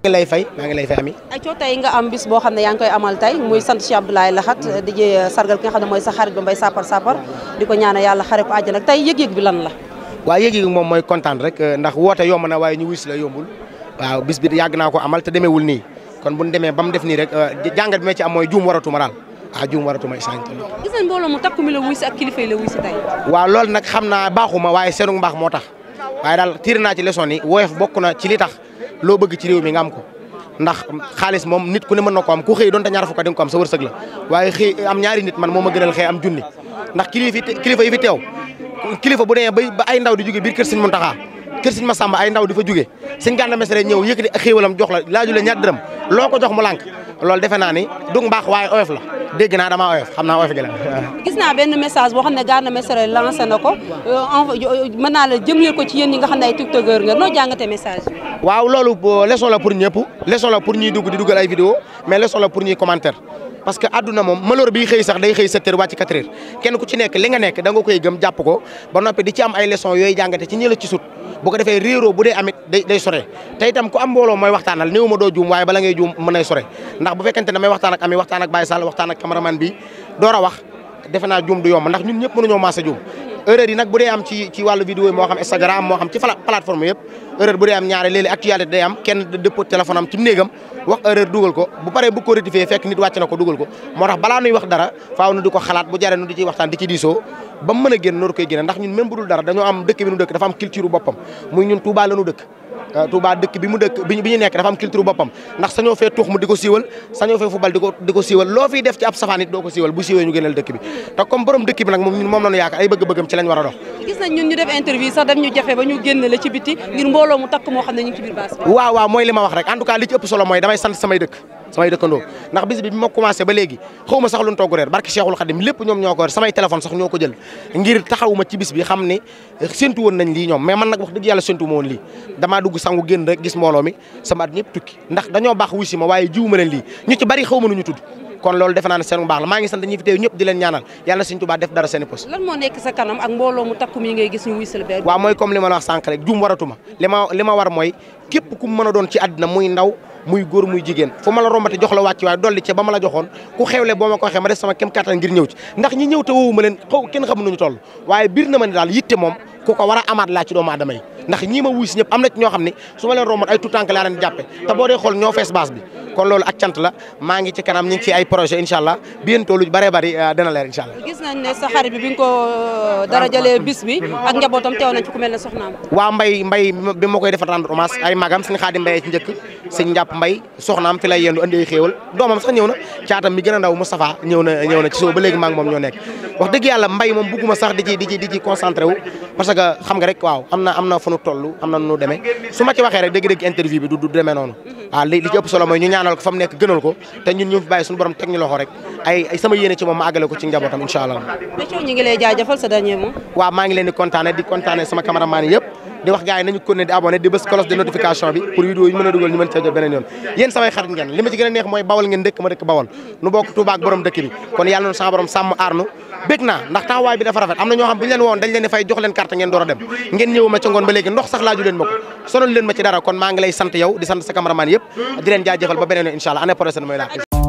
maa ngi lay fay maa ngi lay fay ami ay coo tey nga am bis boo xam ne yaa ngi koy amal tey muy sant Cheikh Abdoulaye Lahat eh, di sargal ki nga xam ne mooy sa xarit ba Mbaye Sapar Sapar di ko ñaanal yàlla xare eh, na waaye ñu wis la yombul waaw bis bi yàgg naa ko amal te demeewul nii kon bu ñu ba mu def nii rek eh, jàngat bi ma ci am mooy juum waratuma daal ah juum waratuma isaan gis nañ mi waaw loolu nag xam naa baaxuma waaye seenu mbaax moo tax waaye daal tiir naa ci leçon yi woyof bokk ci li tax loo bëgg ci réew mi nga am ko ndax xaalis moom nit ku ne mën na ko am ku xëy doon te ñaar fukk di ko am sa wërsëg la waaye xëy am ñaari nit man moo a gënal xëy am junni ndax kilifa kilifa yi fi teew kilifa bu demee ba ay ndaw di juge biir kër Sëñ Muntaxa kër ma Masamba ay ndaw di fa jóge Sëñ Gana Mesere ñëw yëkkati xéewalam jox la laaju la ñaar dërëm loo ko jox mu lànk loolu defe naa ni baax mbaax waaye oyof la dégg naa damaa oyof xam naa oyof la gis naa na ko euh, euh, mën la nga xam ne ay tiktokeur nga noo jàngate message bi waaw loolu euh, leçon la pour ñëpp leçon la pour ñuy dugg di dugal ay vidéo mais leçon la pour ñuy commentaire parce que àdduna moom malheur bi xëy sax day xëy 7 heures wàcc 4 kenn ku ci nekk li nga nekk da nga koy gëm jàpp ko ba noppi di ci am ay leçon yooyu jàngate ci ñi la ci sut bu ko defee réeroo bu dee amit day sore te itam ku am mbooloo mooy waxtaanal néew ma doo juum waaye bala ngay juum mën nay sore ndax bu fekkente ne may waxtaan ak man bi door a wax defe naa juum du yomb ndax ñun ñëpp mënuñoo maas a juum erreur yi nag bu dee am ci ci wàllu vidéo yi moo xam Instagram moo xam ci plateforme yëpp erreur bu dee am ñaare léeg-léeg actualité am kenn dëppoo téléphone am ci néegam wax erreur dugal ko bu paree bu ko rectifier fekk nit wàcc na ko dugal ko moo tax balaa nuy wax dara faaw nu di ko xalaat bu jaree nu di ci waxtaan di ci diisoo ba mu mën a génn nooru koy génne ndax ñun même bu dul dara dañoo am dëkk bi nu dëkk dafa am culture la nu dëkk Euh, Touba dëkk bi mu dëkk bi ñu nekk dafa am culture boppam ndax sañoo fee tuux mu di siiwal sañoo fee fubal di siiwal loo fiy def ci ab safaan doo ko siiwal bu siiwee ñu gënal dëkk bi te comme borom dëkk bi nag moom moom lañu yaakaar ay bëgg-bëggam ci lañ war a dox gis nañ ñu def interview sax daf ñu jafe ba ñu génn ci biti ngir mbooloo mu takk moo xam ne ñu ngi ci biir baas mooy li ma wax rek en tout cas li mooy damay sant samay dëkk samay dëkkandoo ndax bis bi bi ma commencé ba léegi xaw ma sax lu ñu togg reer barke Cheikhul Khadim lépp ñoom ñoo ko yor samay téléphone sax ñoo ko jël ngir taxawuma ci bis bi xam ne séntu nañ lii ñoom mais man nag wax dëgg yàlla séntu ma woon lii damaa dugg sangu génn rek gis mbooloo mi dañoo baax wuy si ma waaye jiwuma leen lii ñu ci bari xaw ma nu ñu kon loolu defe naa ne maa ngi sant ñi fi teew ñëpp di leen ñaanal yàlla Sëriñ Tuubaa def dara seen i pos rek juum waratuma li ma war mooy képp ku mën a doon ci àddina muy ndaw muy góor muy jigéen fu ma rombati jox la wàcc waaye dolli ca ba ma joxoon ku xewle boo ma ko waxee ma def sama kem kattan ngir ñëw ci ndax ñi ñëw a ñii ma wuy si ñëpp am na ci ñoo xam ne su ma leen rombat ay tuutànk laa leen jàppe te boo dee xool ñoo fees baas bi kon loolu ak cant la maa ngi ci kanam ñu ci ay projet incha allah bientôt lu bëree bëri euh, dana leer incha allah gis nañ ne sa bi bi ko euh, dara jëlee bis bi ak njabootam teew nañ ci ku ne soxnaam mbay Mbaye soxnaam fi lay yendu andi xéewal doomam sax ñëw na caatam mi gën a ndaw Moustapha ñëw na ñëw na ci soo ba léegi maa ngi moom ñoo nekk wax dëgg yàlla mbay moom bugguma sax di ci di ci di ci concentré parce que xam nga rek waaw am na am na fu nu toll am na nu demee su ma ci waxee rek dëgg-dëgg interview bi du du demee noonu waaw ah, li li ci ëpp solo mooy ñu ñaanal ko fa mu nekk gënal ko te ñun ñu fi bàyyi suñu borom teg ñu loxo rek ay sama yéene ci moom ma ko ci njabootam incha allah waaw maa ngi leen di kontaane di kontaane sama cameraman yëpp di wax gars yi nañu continuer di abonné di bës cloche de notification bi pour vidéo yi mën a dugal ñu mën cee jot beneen yoon yéen samay xarit ngeen li ci gën a neex mooy bawal ngeen dëkk ma dëkk bawal nu bokk Touba ak dëkk bi kon yàlla noonu sama borom sàmm aarnu bég naa ndax taxawaay bi dafa rafet am na ñoo xam ñu leen woon dañ leen fay jox leen carte ngeen door a dem ngeen ñëw ma ngoon ba léegi ndox sax leen ma ko sonal leen ma ci dara ngi lay sant yow di sant sa cameraman yëpp di